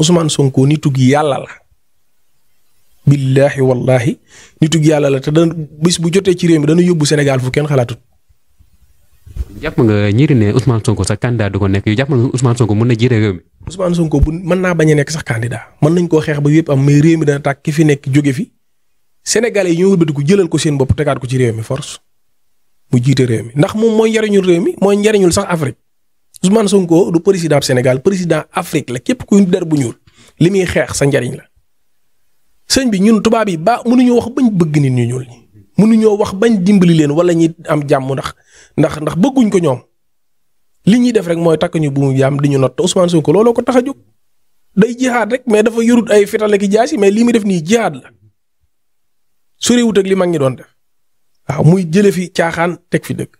Ousmane Sonko nitu gi yàlla la. billaahi wallaahi nitu gi yàlla la te dana bis bu jotee ci réew mi dana yóbbu Sénégal fu kenn xalaatut. jàpp nga ñiri ne Ousmane Sonko sax candidat du ko nekk yow jàpp nga Ousmane Sonko mën na jiite réew Sonko bu mën naa bañ nekk sax candidat mën nañ koo xeex ba yëpp am mais réew mi dana tàkk ki fi nekk jóge fi Sénégalais yi ñoo wëlbati ko jëlal ko seen bopp tegaat ko ci réew mi force mu jiite réew mi ndax moom mooy njariñul réew mi mooy njariñul sax Afrique Ousmane Sonko du président Sénégal président Afrique la képp ku der bu ñuul li muy xeex sa njariñ la. sëñ bi ñun tubaab yi ba mënuñoo wax bañ bëgg nit ñu ñuul ñi mënuñoo wax bañ dimbali leen wala ñi am jàmm ndax ndax ndax bëgguñ ko ñoom li ñuy def rek mooy takk ñu bu mu jaam di ñu not Ousmane Sonko looloo ko tax a jóg day jihaad rek mais dafa yorut ay fetale ki jaasi mais lii muy def nii jihaad la soriwut ak li mag ñi doon def waaw muy jële fi caaxaan teg fi dëkk